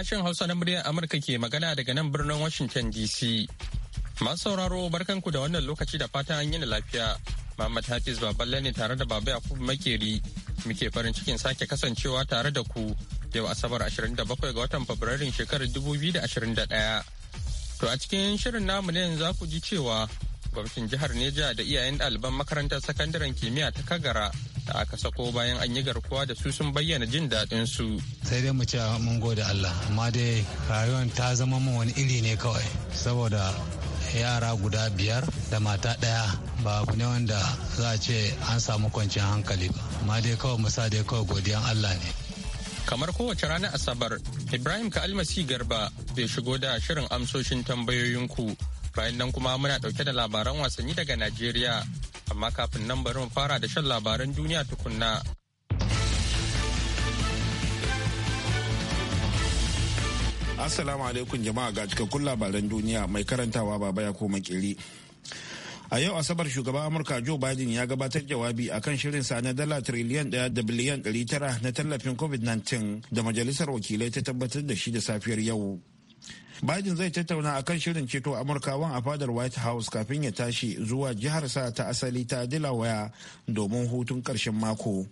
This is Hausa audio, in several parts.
Sashen Hausa na muryar Amurka ke magana daga nan birnin Washington DC. Masu sauraro barkanku da wannan lokaci da fata an yi lafiya. Muhammad Hafiz Baballe ne tare da Baba Yakubu Makeri muke farin cikin sake kasancewa tare da ku yau Asabar 27 ga watan Fabrairun shekarar 2021. To a cikin shirin namu ne za ku ji cewa gwamnatin jihar Neja da iyayen ɗaliban makarantar sakandaren kimiyya ta Kagara da aka sako bayan an yi garkuwa da su sun bayyana jin daɗin su. Sai dai mu ce mun gode Allah amma dai rayuwar ta zama mu wani iri ne kawai saboda yara guda biyar da mata ɗaya ba abu ne wanda za a ce an samu kwanciyar hankali ba amma dai kawai musa dai kawai godiyan Allah ne. Kamar kowace ranar Asabar, Ibrahim ka almasi garba bai shigo da shirin amsoshin tambayoyinku bayan nan kuma muna dauke da labaran wasanni daga Najeriya. amma kafin nan bari mu fara da shan labaran duniya tukunna. Assalamu alaikum jama'a ga cikakkun labaran duniya mai karantawa baba ya koma kiri. A yau Asabar shugaban Amurka Joe Biden ya gabatar jawabi a kan shirin sa na dala triliyan daya da biliyan ɗari tara na tallafin COVID-19 da majalisar wakilai ta tabbatar da shi da safiyar yau. Biden zai tattauna akan shirin ceto Amurkawan a fadar White House kafin ya tashi zuwa jiharsa ta asali ta Delaware domin hutun karshen mako.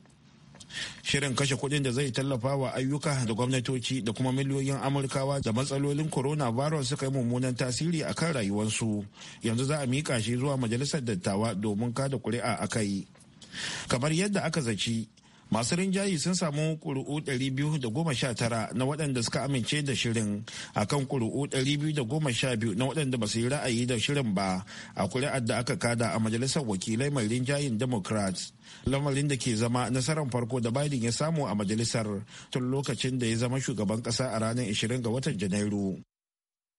Shirin kashe kuɗin da zai tallafa wa ayyuka da gwamnatoci da kuma miliyoyin Amurkawa da matsalolin corona coronavirus suka yi mummunan tasiri a kan rayuwarsu yanzu za a miƙa shi zuwa majalisar dattawa domin kada kuri'a a kai. Kamar yadda aka zaci masu rinjayi sun samu ƙuri'u 219 na waɗanda suka amince da shirin akan ƙuri'u 212 na waɗanda ba su yi ra'ayi da shirin ba a kuri'ar da aka kada a majalisar wakilai mai rinjayin democrats lamarin da ke zama nasarar farko da biden ya samu a majalisar tun lokacin da ya zama shugaban ƙasa a ranar 20 ga watan janairu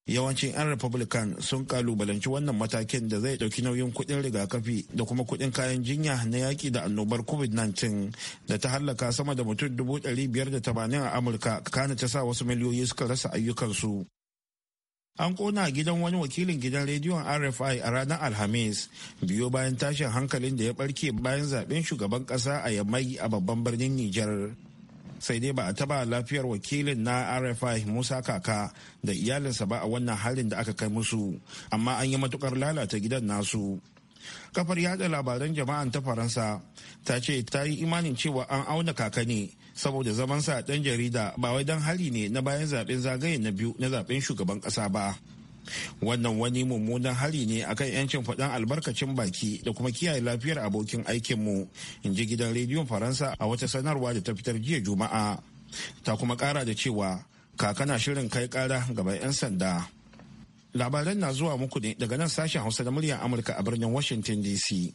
yawancin 'yan republican sun kalubalanci wannan matakin da zai dauki nauyin kudin rigakafi da kuma kudin kayan jinya na yaki da annobar covid-19 da ta hallaka sama da mutum dubu biyar da 580 a amurka kana ta sa wasu miliyoyi suka rasa ayyukansu an kona gidan wani wakilin gidan rediyon rfi a ranar alhamis biyo bayan tashin hankalin da ya barke bayan zaben shugaban kasa a yammai a babban birnin nijar sai dai ba a taba lafiyar wakilin na rfi musa kaka da iyalinsa ba a wannan halin da aka kai musu amma an yi matukar lalata gidan nasu kafar yada labaran jama'an ta faransa ta ce ta yi imanin cewa an auna kaka ne saboda zamansa sa dan jarida ba wai dan hali ne na bayan zaben zagaye na biyu na zaben shugaban kasa ba wannan wani mummunan hari ne akan yancin faɗan albarkacin baki da kuma kiyaye lafiyar abokin aikinmu in ji gidan rediyon faransa a wata sanarwa da ta fitar jiya juma'a ta kuma kara da cewa kakana shirin kai kara gaba 'yan sanda labaran na zuwa muku ne daga nan sashen hausa da muryar amurka a birnin washington dc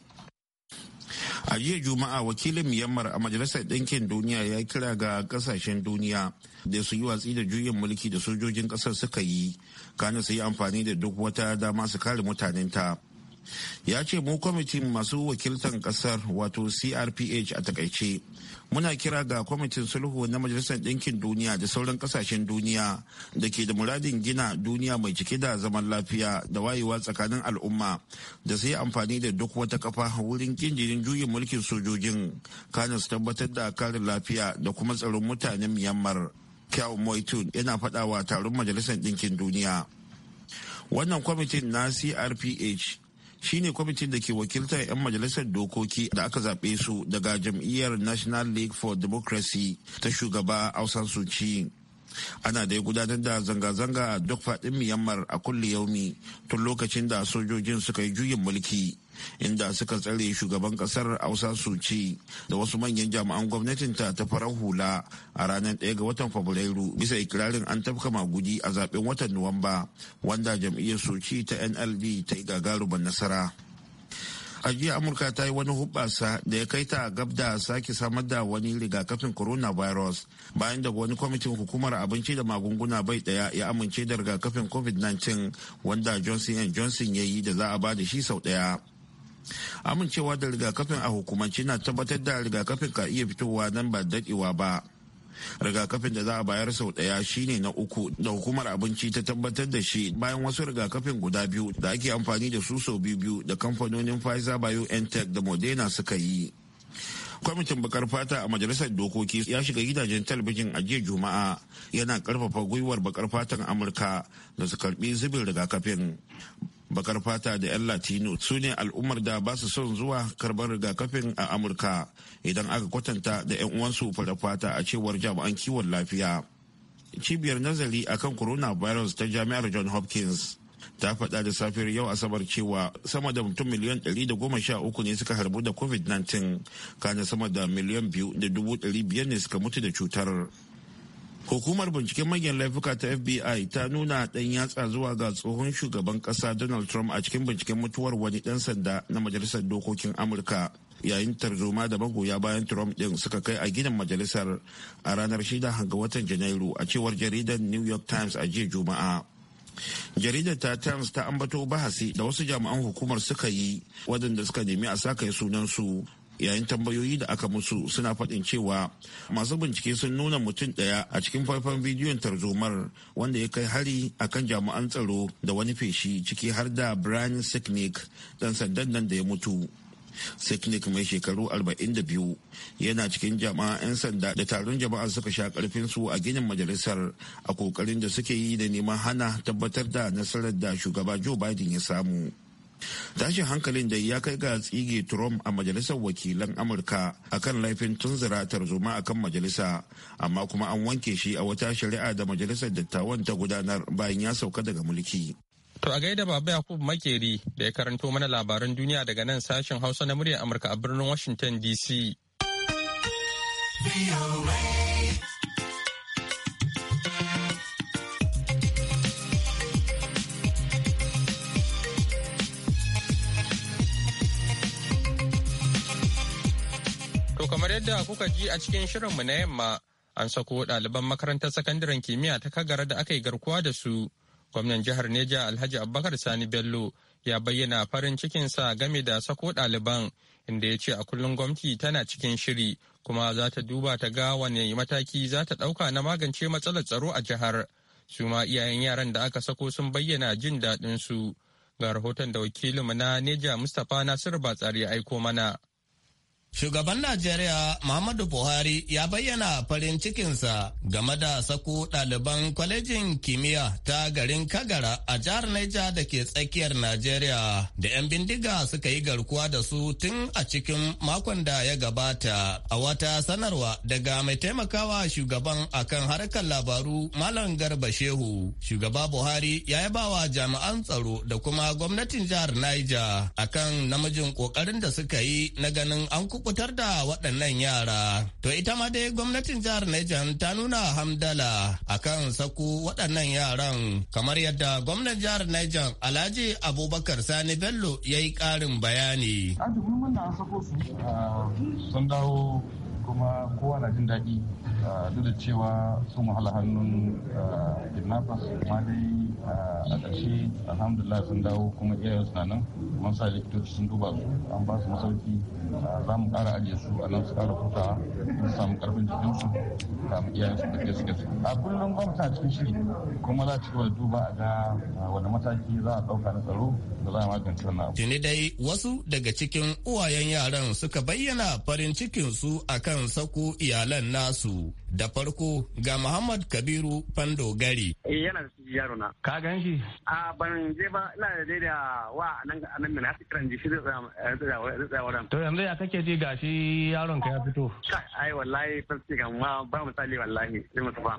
a jiya juma'a wakilin myanmar a majalisar ɗinkin duniya ya kira ga ƙasashen duniya da su yi watsi da juyin mulki da sojojin ƙasar suka yi kana su yi amfani da duk wata dama su kare mutanen ta ya ce mu kwamitin masu wakiltan kasar wato crph a takaice muna kira ga kwamitin sulhu na majalisar ɗinkin duniya da sauran ƙasashen duniya da ke da muradin gina duniya mai cike da zaman lafiya da wayewa tsakanin al'umma da su yi amfani da duk wata kafa wurin kinjirin juyin mulkin sojojin su tabbatar da karin lafiya da kuma tsaron mutanen myanmar kyau moitun yana faɗawa taron majalisar ɗinkin duniya wannan kwamitin na crph shine kwamitin da ke wakiltar 'yan majalisar dokoki da aka zaɓe su daga jam'iyyar national league for democracy ta shugaba ausan suci ana da gudanar da zanga-zanga duk faɗin miyammar a kulle yaumi tun lokacin da sojojin suka yi juyin mulki inda suka tsare shugaban kasar Hausa suci da wasu manyan jami'an gwamnatinta ta farar hula a ranar 1 ga watan fabrairu bisa ikirarin an tafka magudi a zaben watan nuwamba wanda jam'iyyar suci ta nld ta yi gagarumin nasara a jiya amurka ta yi wani hubbasa da ya kai ta gab da sake samar da wani rigakafin coronavirus bayan da wani kwamitin hukumar abinci da magunguna bai daya ya amince da rigakafin covid-19 wanda johnson johnson ya yi da za a ba da shi sau daya amincewa da rigakafin a hukumance na tabbatar da rigakafin ka iya fitowa nan ba dadewa ba rigakafin da za a bayar sau ɗaya shine na uku da hukumar abinci ta tabbatar da shi bayan wasu rigakafin guda biyu da ake amfani da su sau biyu biyu da kamfanonin pfizer biontech da moderna suka yi kwamitin bakar fata a majalisar dokoki ya shiga gidajen talabijin a jiya juma'a yana karfafa gwiwar bakar fatan amurka da su karbi zubin rigakafin bakar fata da 'yan latino su ne al'ummar da ba su son zuwa karbar rigakafin a amurka idan aka kwatanta da 'yan uwansu fara fata a cewar jami'an kiwon lafiya cibiyar nazari akan coronavirus ta jami'ar john hopkins ta faɗa da safiyar yau asabar cewa sama da mutum miliyan 113 ne suka harbu da covid-19 kana sama da miliyan 2,500 ne suka mutu da cutar Hukumar binciken manyan laifuka ta FBI ta nuna ɗan yatsa zuwa ga tsohon shugaban ƙasa Donald Trump a cikin binciken mutuwar wani ɗan sanda na Majalisar Dokokin Amurka yayin tarzoma da magoya bayan Trump ɗin suka kai a gidan majalisar a ranar shida hanga watan Janairu a cewar jaridar New York Times a jiya Juma'a. jaridar ta times ta ambato bahasi da wasu jami'an hukumar suka yi waɗanda suka nemi a sakai sunan sunansu yayin tambayoyi da aka musu suna faɗin cewa masu bincike sun nuna mutum ɗaya a cikin faifan bidiyon tarzomar wanda ya kai hari akan jami'an tsaro da wani feshi ciki har da brian sicknick dan sandan nan da ya mutu sicknick mai shekaru 42 yana cikin jama'a 'yan sanda da taron jama'a suka sha karfin su a ginin majalisar a kokarin da suke yi da neman hana tabbatar da nasarar da shugaba joe biden ya samu tashin hankalin da ya kai ga tsige trump a majalisar wakilan amurka akan laifin tunzura tarzoma akan majalisa amma kuma an wanke shi a wata shari'a da majalisar dattawan ta gudanar bayan ya sauka daga mulki to a gaida baba yakub makeri da ya karanto mana labaran duniya daga nan sashen hausa na muryar amurka a birnin washington dc To kamar yadda kuka ji a cikin shirinmu na yamma an sako ɗaliban makarantar sakandaren kimiyya ta kagara da aka yi garkuwa da su. Gwamnan jihar Neja Alhaji Abubakar Sani Bello ya bayyana farin cikinsa game da sako ɗaliban inda ya ce a kullum gwamnati tana cikin shiri kuma za ta duba ta ga wane mataki za ta ɗauka na magance matsalar tsaro a jihar. Su ma iyayen yaran da aka sako sun bayyana jin daɗin su Ga rahoton da wakilinmu na Neja Mustapha Nasiru Batsari ya aiko mana. Shugaban Najeriya Muhammadu Buhari ya bayyana farin cikinsa game da sako ɗaliban kwalejin kimiyya ta garin Kagara a jihar Naija da ke tsakiyar Najeriya da 'yan bindiga suka yi garkuwa da su tun a cikin makon da ya gabata. A wata sanarwa daga mai taimakawa shugaban akan harkar labaru Malam Garba Shehu, shugaba Buhari ya yi bawa jami'an tsaro da kuma gwamnatin jihar Naija akan namijin ƙoƙarin da suka yi na ganin an kubutar da waɗannan yara. To ita ma dai gwamnatin jihar Niger ta nuna hamdala akan saku waɗannan yaran kamar yadda gwamnan jihar Niger Alhaji Abubakar Sani Bello ya yi ƙarin bayani. Ah, sun dawo kuma kowa na jin daɗi ah, duk da cewa sun wahala hannun ah, kidnappers amma dai ah, a ƙarshe alhamdulillah sun dawo kuma iyayen yin nan mun sa likitoci sun duba su an ba su masauki za mu ƙara ajiye su a nan su ƙara hutawa su samu ƙarfin jikinsu samu iyayen su da gaske su a kullum gwamnati na cikin shiri kuma za ci gaba da duba a ga wani mataki za a ɗauka na tsaro da za a magance wannan abu. Tuni dai wasu daga cikin uwayen yaran suka bayyana farin cikinsu akan kan sako iyalan nasu Da farko ga Muhammad Kabiru Fando Gari. Eh yana da ciki yaro na. Ka gan shi? A ban je ba ina da da wa nan nan ne har kiran ji shi da tsaya wadan. To yanzu ya kake ji shi yaron ka ya fito. Ai wallahi farce ga ma ba misali wallahi sai mu tafa.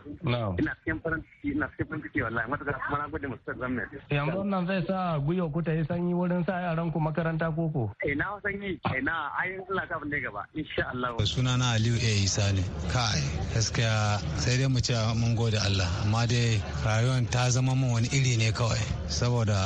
Ina cikin farin ciki ina cikin farin ciki wallahi mata kuma na gode musu gwamnati. Yanzu nan zai sa guyo ku ta yi sanyi wurin sa yaran ku makaranta koko. Eh na sanyi eh na ayin Allah ka bin gaba insha Allah. Sunana Aliyu A Isa ne. Kai gaskiya sai dai mu ce mun gode Allah amma dai rayuwar ta zama mun wani iri ne kawai saboda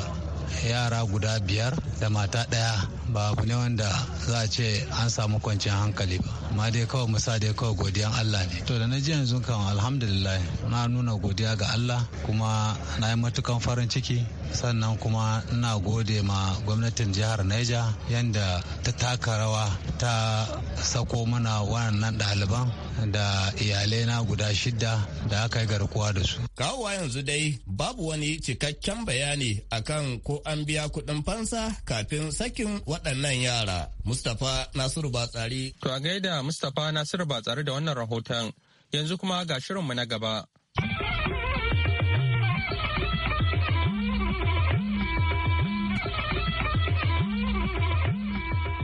yara guda biyar da mata ɗaya ba abu ne wanda za a ce an samu kwanciyar hankali ba amma dai kawai musa dai kawai godiyan Allah ne to da na ji yanzu kan alhamdulillah na nuna godiya ga Allah kuma na yi matukan farin ciki sannan kuma na gode ma gwamnatin jihar Neja yanda ta taka rawa ta sako mana wannan ɗaliban da iyalai na guda shida da aka yi garkuwa da su. Kawowa yanzu dai babu wani cikakken bayani akan ko an biya kuɗin fansa kafin sakin waɗannan yara. Mustapha Nasiru Batsari. To a gaida Mustapha Nasiru Batsari da wannan rahoton yanzu kuma ga shirinmu na gaba.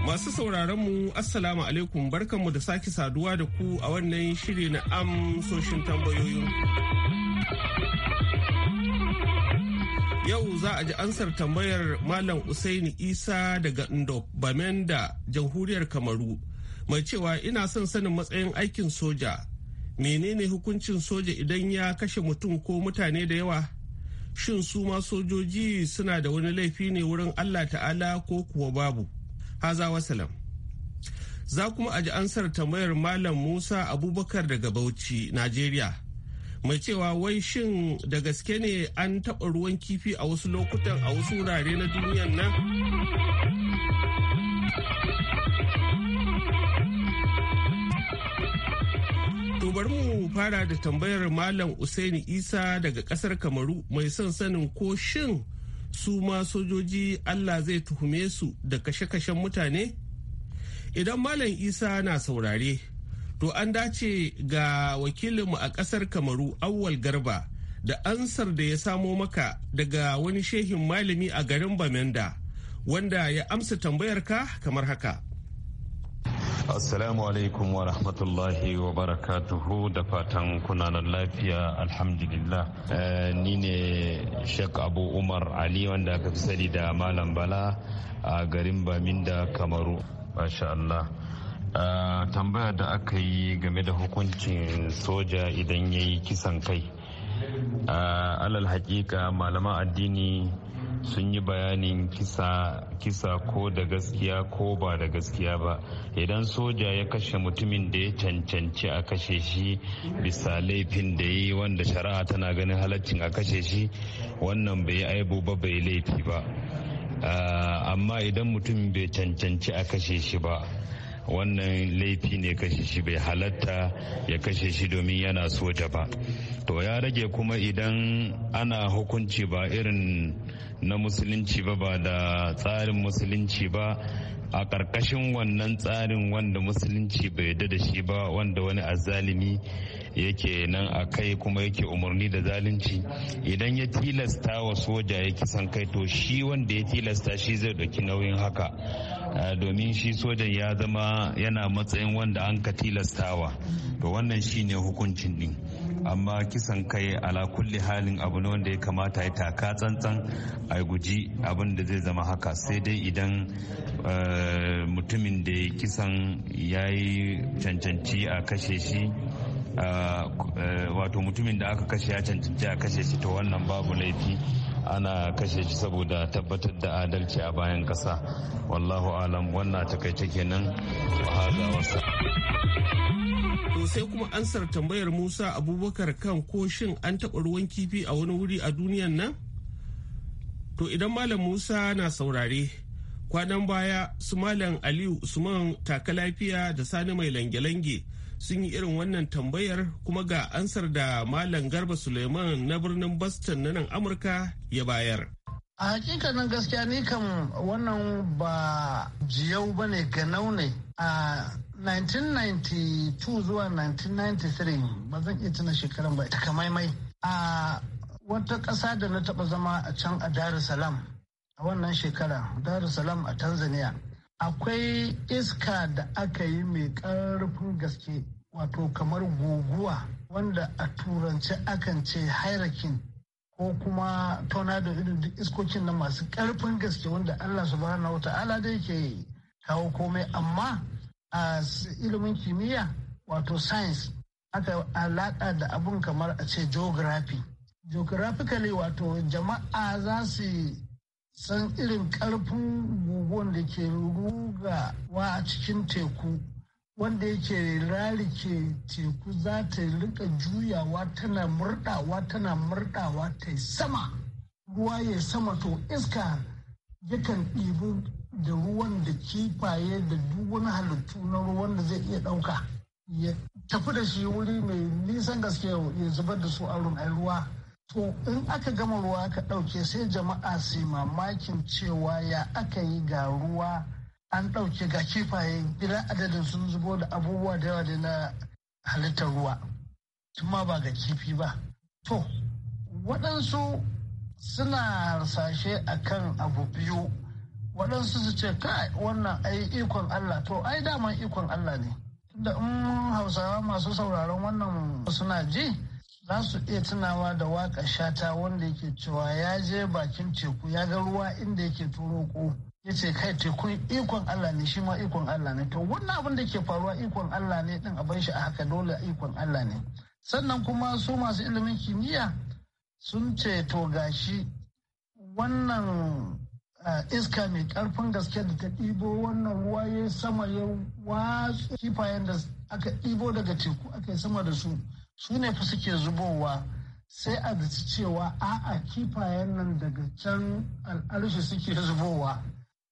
Masu sauraronmu Assalamu alaikum barkanmu da sake saduwa da ku a wannan shiri na amsoshin tambayoyin. Yau za a ji ansar tambayar Malam Usaini Isa daga Ndop Bamenda, jamhuriyar Kamaru, mai cewa ina son sanin matsayin aikin soja. Menene hukuncin soja idan ya kashe mutum ko mutane da yawa? Shin su ma sojoji suna da wani laifi ne wurin Allah ta'ala ko kuwa babu? Haza wasalam. Za kuma a ji ansar tambayar Malam Musa Abubakar daga Bauchi, Najeriya. mai cewa wai shin da gaske ne an taɓa ruwan kifi a wasu lokutan a wasu wurare na duniyan nan to bari mu fara da tambayar malam usaini isa daga kasar kamaru mai son sanin ko shin su ma sojoji allah zai tuhume su da kashe-kashen mutane idan malam isa na saurare To an dace ga wakilinmu a ƙasar Kamaru Awwal Garba da ansar da ya samo maka daga wani shehin malami a garin Bamenda wanda ya amsa tambayarka kamar haka. Assalamu alaikum wa rahmatullahi wa barakatuhu da fatan kunanan lafiya alhamdulillah. Eh, ni ne shek Abu Umar Ali wanda aka fi sani da Malam Bala a garin Baminda Kamaru. masha'allah tambaya da aka yi game da hukuncin soja idan ya yi kisan kai alal hakika malaman addini sun yi bayanin kisa kisa ko da gaskiya ko ba da gaskiya ba idan soja ya kashe mutumin da ya cancanci a kashe shi bisa laifin da ya yi wanda shari'a tana ganin halaccin a kashe shi wannan bai aibu ba bai laifi ba amma idan mutum bai cancanci a kashe shi ba wannan laifi ne kashe shi bai halatta ya kashe shi domin yana soja ba to ya rage kuma idan ana hukunci ba irin na musulunci ba ba da tsarin musulunci ba a ƙarƙashin wannan tsarin wanda musulunci bai yarda da shi ba wanda wani azalimi yake nan a kai kuma yake umarni da zalunci idan ya tilasta wa soja ya kisan kai to shi wanda ya tilasta shi zai ɗauki nauyin haka domin shi sojan ya zama yana matsayin wanda an ka tilastawa to wannan shine hukuncin din amma kisan kai ala kulli halin abu ne wanda ya kamata ya taka tsantsan a guji abin da zai zama haka sai dai idan eh, mutumin da kisan ya yi cancanci a kashe shi eh, wato mutumin da aka kashe ya cancanci a kashe shi to wannan babu laifi ana kashe shi saboda tabbatar da adalci a bayan kasa wallahu alam wannan takaice kenan To sai kuma ansar tambayar Musa Abubakar kan ko shin an taɓa ruwan kifi a wani wuri a duniyan nan? To idan Malam Musa na saurare, kwanan baya su Malam Aliyu Usman taka lafiya da Sani mai lange-lange sun yi irin wannan tambayar kuma ga ansar da malam garba suleiman na birnin boston na nan amurka ya bayar a hakikanin gaskiya ni kam wannan ba jiyau ba ne ganau ne a 1992 zuwa 1993 ba zan iya tuna shekaran ba takamaimai a wata ƙasa da na taɓa zama a can a dar Salaam a wannan shekara dar Salaam a tanzania akwai iska da aka yi mai ƙarfin gaske wato kamar guguwa wanda a turance akan ce hairakin ko kuma tornado irin duk iskokin na masu ƙarfin gaske wanda Allah subhanahu wa ta'ala da yake kawo komai amma a ilimin kimiyya wato science aka alaƙa da abun kamar a ce geography geographically wato jama'a za su san irin ƙarfin guguwan da ke rugawa a cikin teku wanda yake rarike teku za ta rika juyawa tana murdawa tana murdawa ta sama ruwa ya sama to iska yakan ɗibi da ruwan da kifaye da duk wani halittu na ruwan da zai iya ɗauka ya tafi da shi wuri mai nisan gaske ya zubar da su a ruwa To in aka gama ruwa aka ɗauke sai jama'a su mamakin cewa ya aka yi ga ruwa an ɗauke ga kifaye idan adadin sun zubo da abubuwa da yawa da na halittar ruwa. ma ba ga kifi ba. To, waɗansu suna harsashe a kan abu biyu. Waɗansu su ce, kai wannan ai ikon Allah, to ai daman ikon Allah ne. Tunda in hausawa masu sauraron wannan suna ji, za su iya tunawa da waƙa shata wanda yake cewa ya je bakin teku ya ga ruwa inda yake turo ko ya ce kai tekun ikon Allah ne shi ma ikon Allah ne to wannan abin da ke faruwa ikon Allah ne din abin shi a haka dole ikon Allah ne sannan kuma su masu ilimin kimiyya sun ce to gashi wannan iska mai karfin gaske da ta ɗibo wannan ruwa ya sama ya watsu kifayen da aka ɗibo daga teku aka yi sama da su su ne fi suke zubowa sai a da cewa a'a kifayen nan daga can al'arshi suke zubowa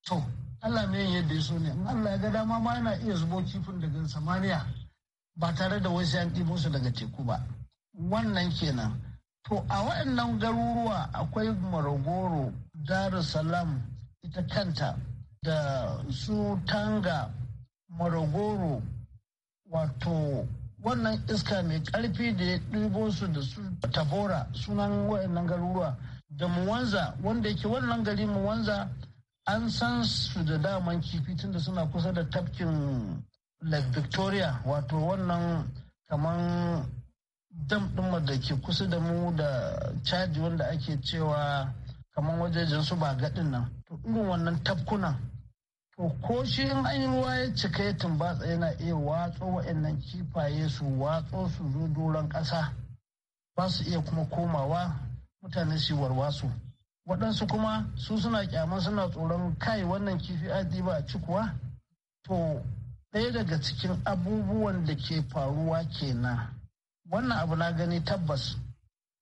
to Allah mai yadda ya so ne Allah ya ga dama ma yana iya zubo kifin daga samaniya ba tare da wasu an ɗibo su daga teku ba wannan kenan to a waɗannan garuruwa akwai marogoro darussalam ita kanta da su tanga marogoro wato wannan iska mai ƙarfi da ya ɗibo su da su tabora sunan waɗannan garuruwa da muwanza wanda yake wannan gari muwanza an san su da daman kifi tunda suna kusa da tafkin lake victoria wato wannan kamar dam ɗin da ke kusa da mu da caji wanda ake cewa kaman wajejen su ba gaɗin nan to irin wannan tafkunan ko shi in an yi ruwa ya cika ya tumbatsa yana iya watso wa'annan kifaye su watso su zo doron ƙasa ba su iya kuma komawa mutane su warwasu waɗansu kuma su suna kyaman suna tsoron kai wannan kifi adi ba a cikuwa to ɗaya daga cikin abubuwan da ke faruwa kenan wannan abu na gani tabbas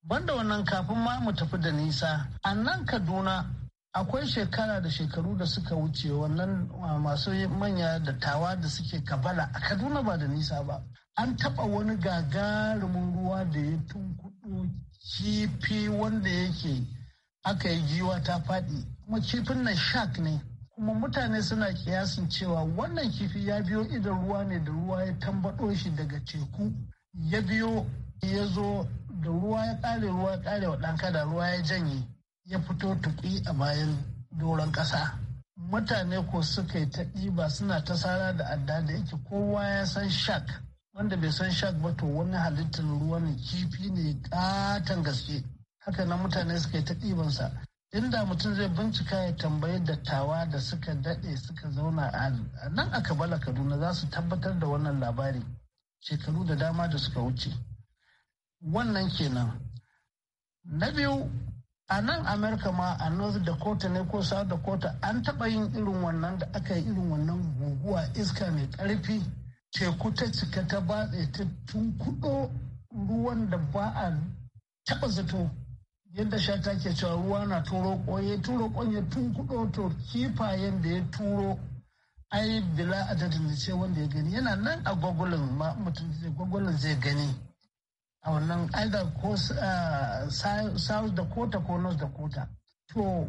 banda wannan kafin ma mu tafi da nisa a nan kaduna akwai shekara da shekaru da suka wuce wannan ah, masu manya da tawa da suke kabala a kaduna ba da nisa ba an taba wani gagarumin ruwa da ya tunkuɗo kifi wanda yake aka yi giwa ta faɗi kuma kifin na shark ne kuma mutane suna kiyasin cewa wannan kifi ya biyo idan ruwa ne da ruwa ya tambaɗo shi daga teku ya biyo ya zo da ruwa ya ƙare ruwa ya ƙare wa ɗan kada ruwa ya janye ya fito tuƙi a bayan doron ƙasa mutane ko suka yi ta ɗiba suna ta sara da adda da yake kowa ya san shak wanda bai san shak ba to wani halittar ruwa ne kifi ne ƙaton gaske haka na mutane suka yi ta ɗibansa inda mutum zai bincika ya tambayi dattawa da suka daɗe suka zauna a nan a kabala kaduna za su tabbatar da wannan labari shekaru da dama da suka wuce wannan kenan na biyu a nan america ma a north dakota ne ko south dakota an taba yin irin wannan da aka yi irin wannan guguwa iska mai karfi teku ta cika ta batse ta tunkudo ruwan da ba a taba zato yadda shata ke cewa ruwa na turo koye turo ƙonye tunkudo to kifayen da ya turo ai bila adadin da ce wanda ya gani yana nan a gwagwalin mutum zai gani a wannan either ko ah, south dakota ko north dakota to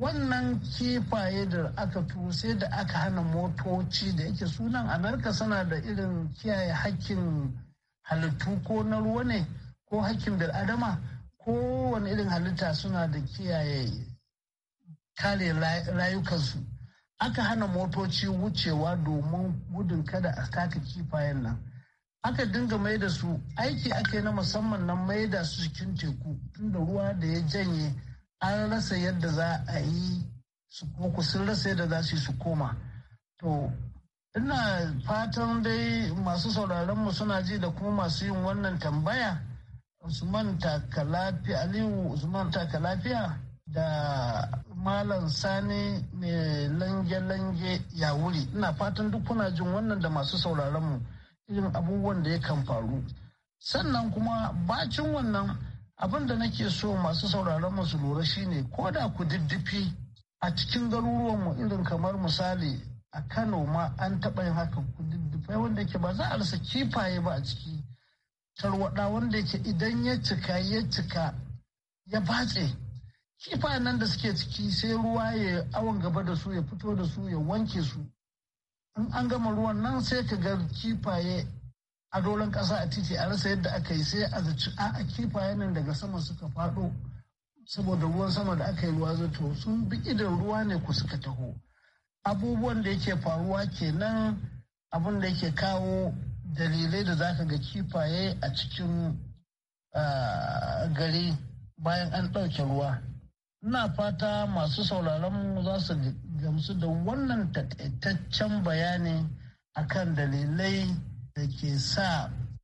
wannan kifaye da aka turo sai da aka hana motoci da yake sunan amerika suna da irin kiyaye hakkin halittu ko na ruwa ne ko hakkin adama ko wani irin halitta suna da kiyaye kare rayukansu aka hana motoci wucewa domin gudun kada a taka kifayen nan aka dinga mai da su aiki ake na musamman na mai da su cikin teku tunda ruwa da ya janye an rasa yadda za a yi su koko sun rasa yadda za su yi su koma to ina fatan dai masu sauraron mu suna ji da kuma masu yin wannan tambaya usman takalafi aliyu usman takalafiya da malam sani mai lange-lange ya wuri ina fatan duk kuna jin wannan da masu sauraron mu irin abubuwan da yakan faru sannan kuma bacin wannan abin da nake so masu sauraron mu su lura shine ko da ku diddifi a cikin garuruwanmu irin kamar misali a kano ma an taɓa yin haka ku diddifai wanda yake ba za a rasa kifaye ba a ciki tarwaɗa wanda yake idan ya cika ya cika ya batse kifayen nan da suke ciki sai ruwa ya awon gaba da su ya fito da su ya wanke su in an gama ruwan nan sai ka ga kifaye a doron ƙasa a titi a rasa yadda aka yi sai a zaci a kifaye nan daga sama suka faɗo saboda ruwan sama da aka yi ruwa zato sun bi idan ruwa ne ku suka taho abubuwan da yake faruwa kenan abin da yake kawo dalilai da zaka ga kifaye a cikin ah, gari bayan an ɗauke ruwa Ina fata masu sauraronmu za su gamsu da wannan takaitaccen bayani akan dalilai da ke sa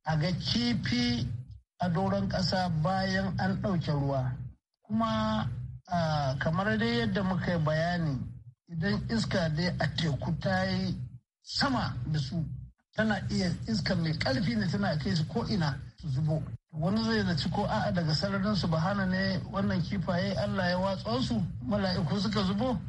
a ga kifi a doron ƙasa bayan an ɗauke ruwa. Kuma kamar dai yadda muka yi bayani idan iska dai a teku ta yi sama da su tana iya iska mai ƙarfi ne tana kai su ko ina. su zubo wani zai zaci ko a'a daga sararin su bahana ne wannan kifaye Allah ya watsa su mala'iku suka zubo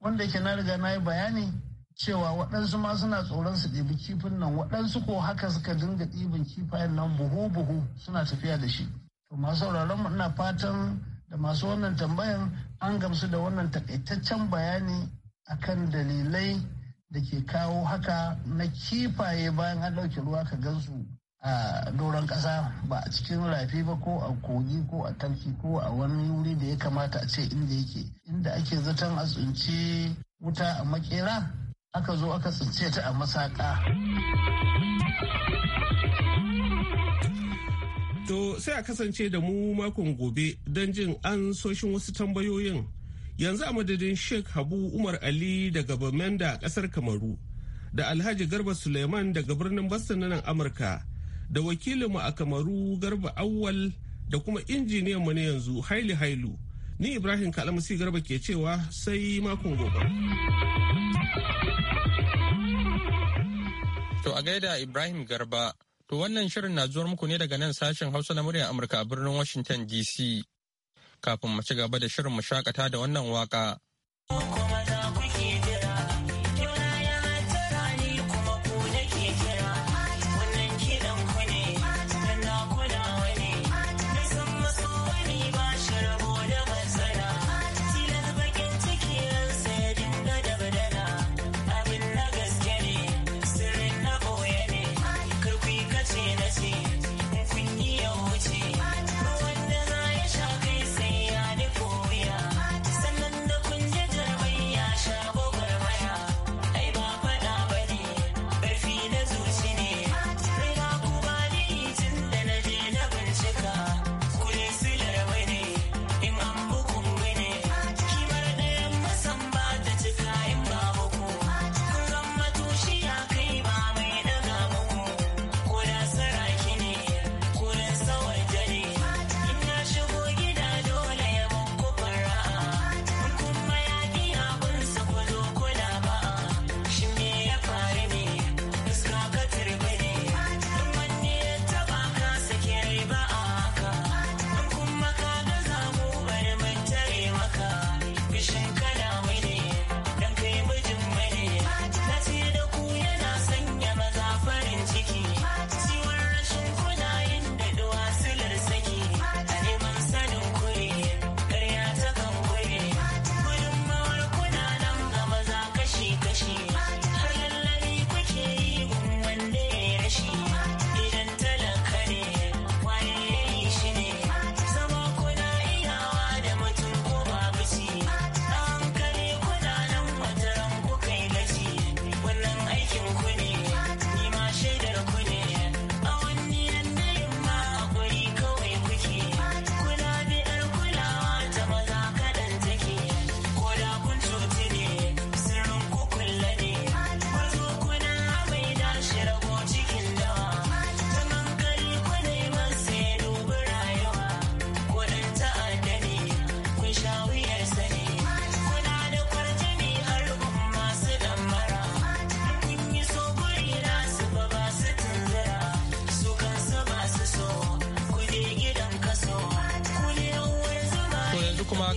wanda yake na riga na yi bayani cewa waɗansu ma suna tsoron su ɗibi kifin nan waɗansu ko haka suka dinga ɗibin kifayen nan buhu-buhu suna tafiya da shi to masu sauraron mu ina fatan da masu wannan tambayan an gamsu da wannan takaitaccen bayani akan dalilai da ke kawo haka na kifaye bayan an ɗauke ruwa ka gansu a doron ƙasa ba a cikin rafi ba ko a kogi ko a tarki ko a wani wuri da ya kamata a ce inda yake inda ake zaton a tsinci wuta a makera aka zo aka tsince ta a masaka To sai a kasance da mu makon gobe don jin an soshin wasu tambayoyin yanzu a madadin sheikh habu umar ali daga bamenda kasar kamaru da alhaji garba suleiman daga birnin boston na nan amurka da wakilinmu a kamaru garba awwal da kuma mu ne yanzu haili hailu ni ibrahim kalamasi garba ke cewa sai makon gobe to a gaida ibrahim garba to wannan shirin na zuwar muku ne daga nan sashen hausa na muryar amurka a birnin washington dc kafin mu ci gaba da shirin mu shakata da wannan waka.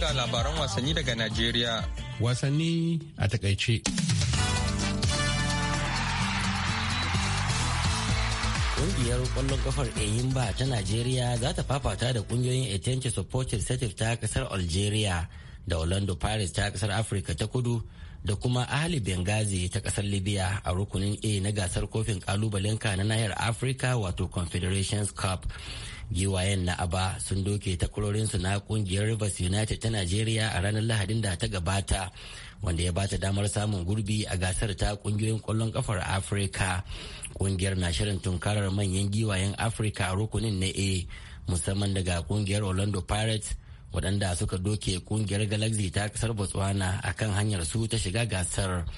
ga labaran wasanni daga Najeriya. Wasanni a takaice. Ƙungiyar ƙwallon ƙafar Eyimba ta Najeriya za ta fafata da ƙungiyoyin Etente Supporters Setif ta ƙasar Algeria da Orlando Paris ta ƙasar Afirka ta Kudu da kuma ali Benghazi ta ƙasar Libya a rukunin A na gasar kofin ƙalubalen na nahiyar Afirka wato Confederations Cup. giwayen na aba sun doke su na kungiyar rivers united ta najeriya a ranar lahadin da ta gabata wanda ya bata damar samun gurbi a gasar ta kungiyoyin kwallon kafar afirka kungiyar na shirin tunkarar manyan giwayen afirka a rukunin na a musamman daga kungiyar orlando pirates waɗanda suka doke kungiyar galaxy ta kasar botswana a kan hanyar su ta shiga gasar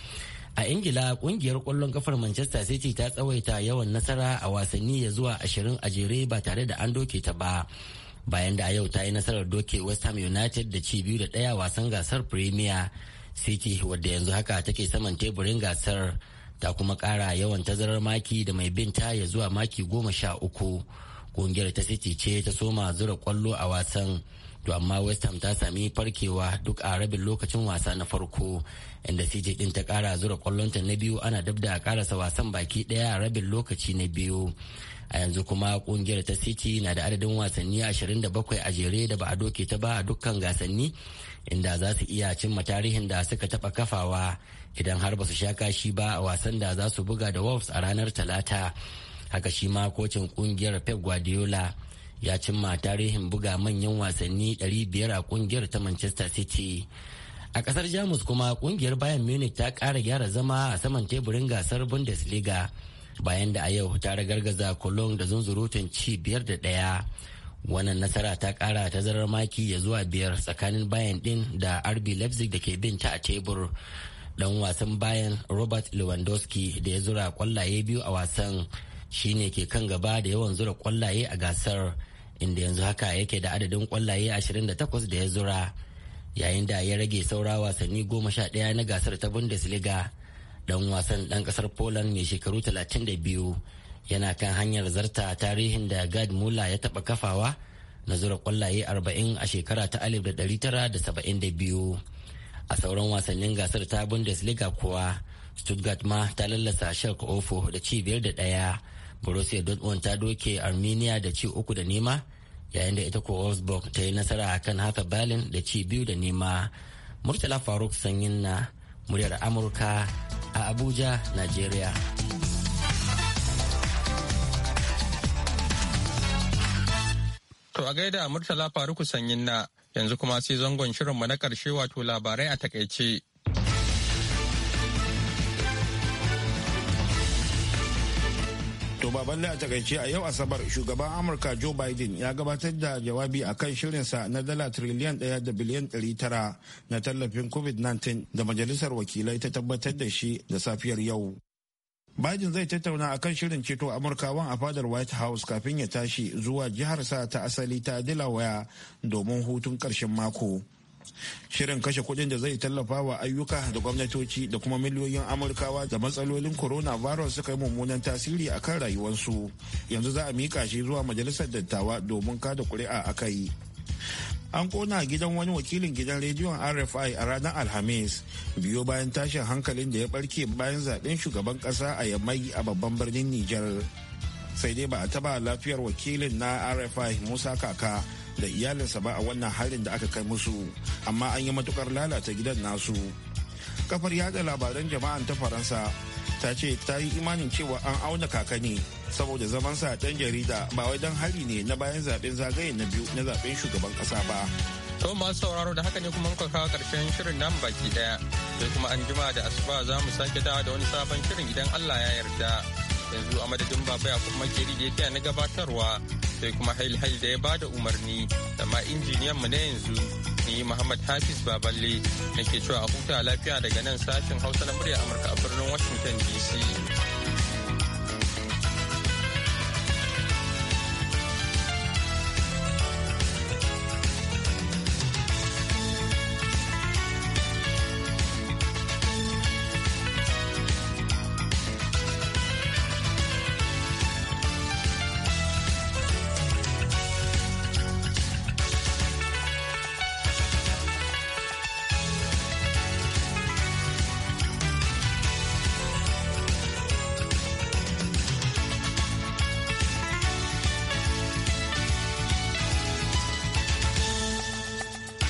a ingila kungiyar kwallon kafar manchester city ta tsawaita yawan nasara a wasanni ya zuwa ashirin a jere ba tare da an doke ta ba bayan da a yau ta yi nasarar doke west ham united da ci biyu da ɗaya wasan gasar premier city wadda yanzu haka take saman teburin gasar ta kuma kara yawan tazarar maki da mai bin ta ya zuwa maki goma sha uku kungiyar ta city ce ta soma zura kwallo a wasan to amma west ham ta sami farkewa duk a rabin lokacin wasa na farko inda city din ta kara zura kwallonta na biyu ana dab da karasa wasan baki daya a rabin lokaci na biyu a yanzu kuma kungiyar ta city na da adadin wasanni 27 a jere da ba a doke ta ba a dukkan gasanni inda za su iya cimma tarihin da suka taba kafawa idan har ba su sha kashi ba a wasan da za su buga da wolves a ranar talata haka shi ma kocin kungiyar pep guardiola ya cimma tarihin buga manyan wasanni 500 a kungiyar ta manchester city a kasar jamus kuma kungiyar bayan munich ta kara gyara zama a saman teburin gasar bundesliga bayan da a yau ta ragargaza cologne da zunzurutun ci biyar da ɗaya wannan nasara ta kara tazarar maki ya zuwa biyar tsakanin bayan din da rb leipzig da ke bin ta a tebur dan wasan bayan robert lewandowski da ya zura kwallaye biyu a wasan shine ke kan gaba da yawan zura kwallaye a gasar inda yanzu haka yake da adadin kwallaye 28 da ya zura yayin da ya rage saura wasanni goma sha ɗaya na gasar ta bundesliga dan wasan dan kasar poland mai shekaru talatin 32 yana kan hanyar zarta tarihin da gad mula ya taɓa kafawa na zura kwallaye arba'in a shekara ta alif da da da tara saba'in biyu. a sauran wasannin gasar ta bundesliga kuwa stuttgart ma ta lallasa shark ofo da ci biyar da ɗaya borussia dortmund ta doke armenia da ci uku da nema yayin da ita ko Wolfsburg ta yi nasara kan haka Berlin da ci biyu da nema. Murtala Faruk Sanyin na muryar Amurka a Abuja, Najeriya. To a gaida Murtala Faruk Sanyin na yanzu kuma sai zangon shirinmu na karshe wato labarai a takaice. balle a takaice a yau asabar shugaban amurka joe biden ya gabatar da jawabi a kan shirinsa na dala triliyan ɗaya da biliyan ɗari tara na tallafin covid-19 da majalisar wakilai ta tabbatar da shi da safiyar yau Biden zai tattauna a kan shirin ceto Amurkawan a fadar White House kafin ya tashi zuwa jiharsa ta asali ta Delaware domin hutun karshen mako. shirin kashe kuɗin da zai tallafa wa ayyuka da gwamnatoci da kuma miliyoyin amurkawa da matsalolin coronavirus suka yi mummunan tasiri a kan rayuwarsu yanzu za a mika shi zuwa majalisar dattawa domin kada kuri'a a kai an kona gidan wani wakilin gidan rediyon rfi a ranar alhamis biyo bayan tashin hankalin da ya barke bayan zaben shugaban kasa a yammai a babban birnin nijar sai dai ba a taba lafiyar wakilin na rfi musa kaka da iyalinsa ba a wannan harin da aka kai musu amma an yi matukar lalata gidan nasu kafar yada labaran jama'an ta faransa ta ce ta yi imanin cewa an auna kaka ne saboda sa dan jarida ba wai dan hari ne na bayan zaben zagaye na biyu na zaben shugaban kasa ba To masu sauraro da haka ne kuma muka kawo karshen shirin nan baki daya. Sai kuma an jima da asuba za mu sake da wani sabon shirin idan Allah ya yarda. Yanzu a madadin baba ya kuma makeri da ya na gabatarwa sai kuma hail hail da ya bada umarni da ma injiniyan mu na yanzu ni Muhammad Hafiz Baballe nake cewa a huta lafiya daga nan sashen Hausa na murya Amurka a birnin Washington DC.